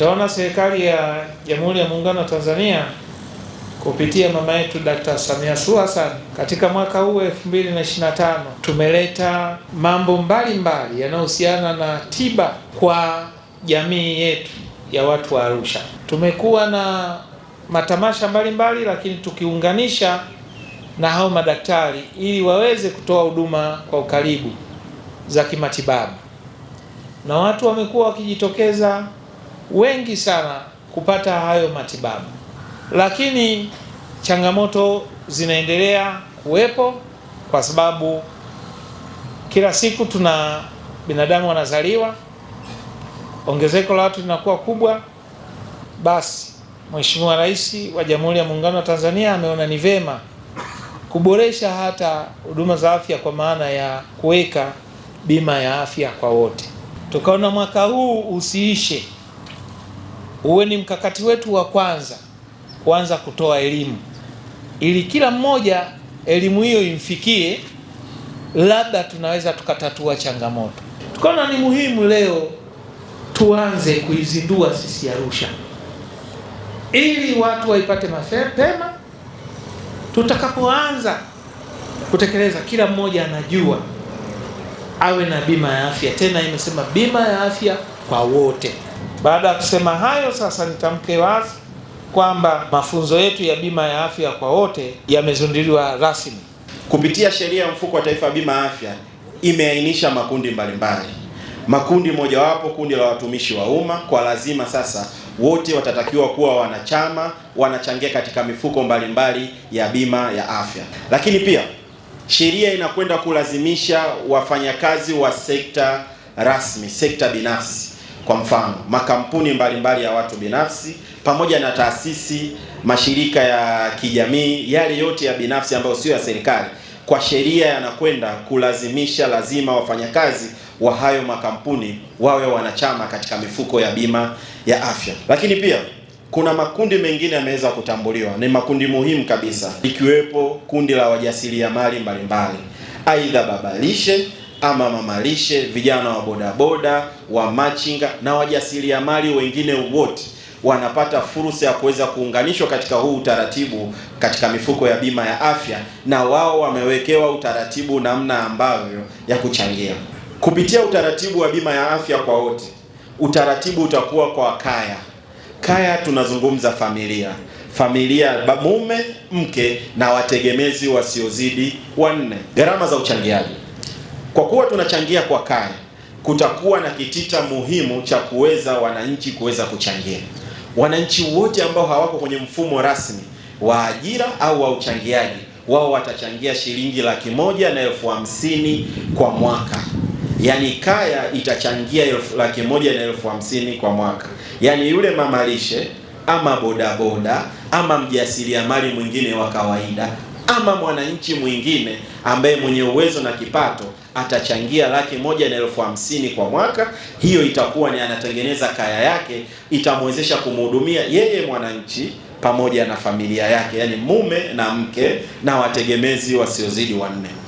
Utaona serikali ya Jamhuri ya Muungano wa Tanzania kupitia mama yetu Dkt. Samia Suluhu Hassan katika mwaka huu 2025 tumeleta mambo mbalimbali yanayohusiana na tiba kwa jamii yetu ya watu wa Arusha. Tumekuwa na matamasha mbalimbali mbali, lakini tukiunganisha na hao madaktari ili waweze kutoa huduma kwa ukaribu za kimatibabu, na watu wamekuwa wakijitokeza wengi sana kupata hayo matibabu, lakini changamoto zinaendelea kuwepo kwa sababu kila siku tuna binadamu wanazaliwa, ongezeko la watu linakuwa kubwa. Basi Mheshimiwa Rais wa Jamhuri ya Muungano wa Tanzania ameona ni vema kuboresha hata huduma za afya kwa maana ya kuweka bima ya afya kwa wote. Tukaona mwaka huu usiishe uwe ni mkakati wetu wa kwanza kuanza kutoa elimu, ili kila mmoja elimu hiyo imfikie, labda tunaweza tukatatua changamoto. Tukaona ni muhimu leo tuanze kuizindua sisi Arusha, ili watu waipate mapema. Tutakapoanza kutekeleza, kila mmoja anajua awe na bima ya afya. Tena imesema bima ya afya kwa wote. Baada ya kusema hayo, sasa nitamke wazi kwamba mafunzo yetu ya bima ya afya kwa wote yamezinduliwa rasmi kupitia sheria ya mfuko wa taifa ya bima ya afya. Imeainisha makundi mbalimbali mbali. Makundi mojawapo kundi la watumishi wa umma, kwa lazima sasa wote watatakiwa kuwa wanachama, wanachangia katika mifuko mbalimbali mbali ya bima ya afya. Lakini pia sheria inakwenda kulazimisha wafanyakazi wa sekta rasmi, sekta binafsi kwa mfano makampuni mbalimbali mbali ya watu binafsi pamoja na taasisi, mashirika ya kijamii, yale yote ya binafsi ambayo sio ya serikali, kwa sheria yanakwenda kulazimisha lazima wafanyakazi wa hayo makampuni wawe wanachama katika mifuko ya bima ya afya. Lakini pia kuna makundi mengine yameweza kutambuliwa, ni makundi muhimu kabisa, ikiwepo kundi la wajasiriamali mbalimbali, aidha babalishe ama mamalishe, vijana wa bodaboda, wa machinga na wajasiriamali wengine wote wanapata fursa ya kuweza kuunganishwa katika huu utaratibu katika mifuko ya bima ya afya, na wao wamewekewa utaratibu namna ambavyo ya kuchangia kupitia utaratibu wa bima ya afya kwa wote. Utaratibu utakuwa kwa kaya kaya, tunazungumza familia familia, mume, mke na wategemezi wasiozidi wanne. Gharama za uchangiaji kwa kuwa tunachangia kwa kaya, kutakuwa na kitita muhimu cha kuweza wananchi kuweza kuchangia. Wananchi wote ambao hawako kwenye mfumo rasmi wa ajira au wa uchangiaji, wao watachangia shilingi laki moja na elfu hamsini kwa mwaka. Yaani kaya itachangia elfu laki moja na elfu hamsini kwa mwaka, yaani yule mamalishe ama bodaboda ama mjasiriamali mwingine wa kawaida ama mwananchi mwingine ambaye mwenye uwezo na kipato atachangia laki moja na elfu hamsini kwa mwaka. Hiyo itakuwa ni anatengeneza kaya yake, itamwezesha kumhudumia yeye mwananchi pamoja na familia yake, yaani mume na mke na wategemezi wasiozidi wanne.